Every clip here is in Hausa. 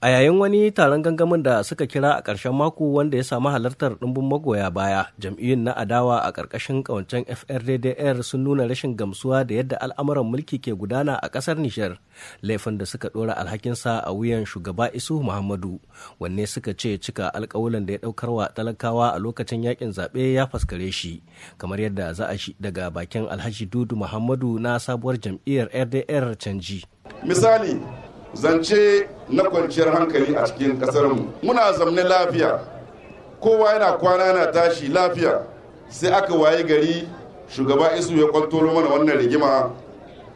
a yayin wani taron gangamin da suka kira a ƙarshen mako wanda ya samu halartar ɗumbin magoya baya jam'iyyun na adawa a ƙarƙashin ƙawancen frddr sun nuna rashin gamsuwa da yadda al'amuran mulki ke gudana a ƙasar nishar laifin da suka ɗora alhakinsa a wuyan shugaba isu muhammadu wanne suka ce cika alƙawulan da ya ɗaukar wa talakawa a lokacin yakin zaɓe ya faskare shi kamar yadda za a shi daga bakin alhaji dudu muhammadu na sabuwar jam'iyyar rdr canji misali zance na kwanciyar hankali a cikin ƙasarmu muna zamne lafiya kowa yana kwana na tashi lafiya sai aka waye gari shugaba isu ya kwantolo mana wannan rigima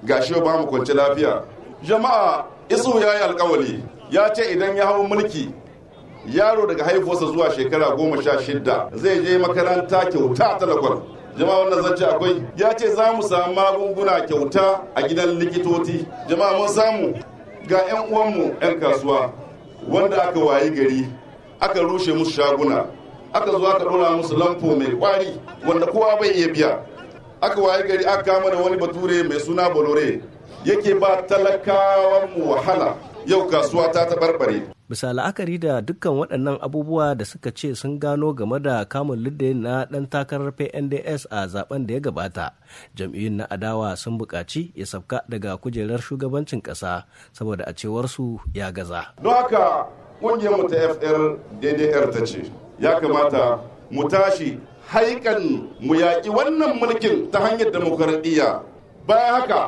ga shi ba mu kwanci lafiya jama'a isu ya yi alkawali ya ce idan ya hau mulki yaro daga haifuwarsa zuwa shekara goma sha shidda zai je makaranta kyauta ta lakwal jama'a wannan zance akwai ya ce za mu samu magunguna kyauta a gidan likitoci jama'a mun samu ga 'yan uwanmu 'yan kasuwa wanda aka wayi gari aka rushe musu shaguna aka zuwa aka ɗora musu lamfo mai ƙwari wanda kowa bai iya biya aka wayi gari aka kama da wani bature mai suna bolore yake ba talakawan mu wahala yau kasuwa ta taɓarɓare. Bisa la'akari da dukkan waɗannan abubuwa da suka ce sun gano game da kamun lidde na ɗan takarar PNDS a zaben da ya gabata, jam'iyyun na adawa sun buƙaci ya sabka daga kujerar shugabancin ƙasa saboda a cewarsu ya gaza. Don haka ƙungiyar mu ta ddr ta ce ya kamata mu tashi haikan mu yaƙi wannan mulkin ta hanyar demokaradiyya. Bayan haka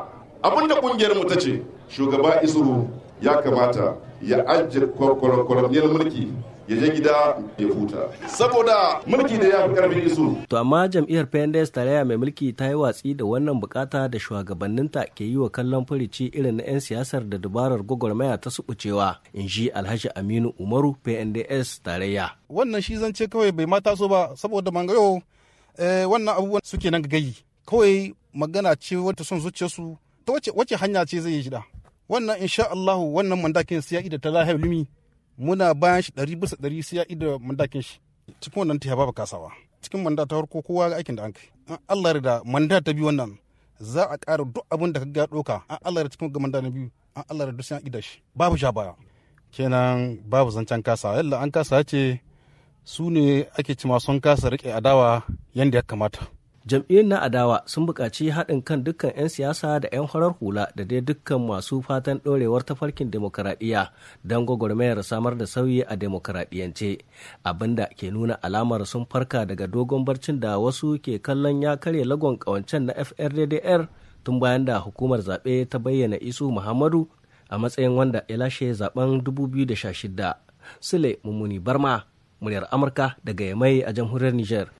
abinda ƙungiyar mu ta ce shugaba Isuru ya kamata ya ajiye kwarakwarakwarakwarar mulki ya je gida ya huta saboda mulki da ya fi karfin isu. To amma jam'iyyar PNDS tarayya mai mulki ta yi watsi da wannan bukata da shugabanninta ke yi wa kallon furici irin na 'yan siyasar da dabarar gwagwarmaya ta subucewa in ji Alhaji Aminu Umaru PNDS tarayya. Wannan shi zance kawai bai mata so ba saboda mangayo eh, wannan abubuwan suke nan gayi kawai magana ce wata son zuciyarsu ta wace hanya ce zai yi shida. wannan insha Allah wannan mandakin siya ya ida ta lahiyar lumi muna bayan shi ɗari bisa ɗari siya ya ida mandakin shi cikin wannan ta babu kasawa cikin manda ta farko kowa ga aikin da an kai an Allah da manda ta biyu wannan za a ƙara duk abin da ka ga ɗoka an Allah da cikin manda na biyu an Allah da duk siya an ida shi babu sha baya kenan babu zancen kasa yalla an kasa ce su ne ake cima sun kasa rike adawa yadda ya kamata jam'iyyun na adawa sun buƙaci haɗin kan dukkan 'yan siyasa da 'yan farar hula da dai dukkan masu fatan ɗorewar tafarkin demokuraɗiyya don gwagwarmayar samar da sauyi a demokuraɗiyyance abinda ke nuna alamar sun farka daga dogon barcin da wasu ke kallon ya karya lagon ƙawancen na frddr tun bayan da hukumar zaɓe ta bayyana isu muhammadu a matsayin wanda ya lashe zaben 2016 sule mummuni barma muryar amurka daga yamai a jamhuriyar niger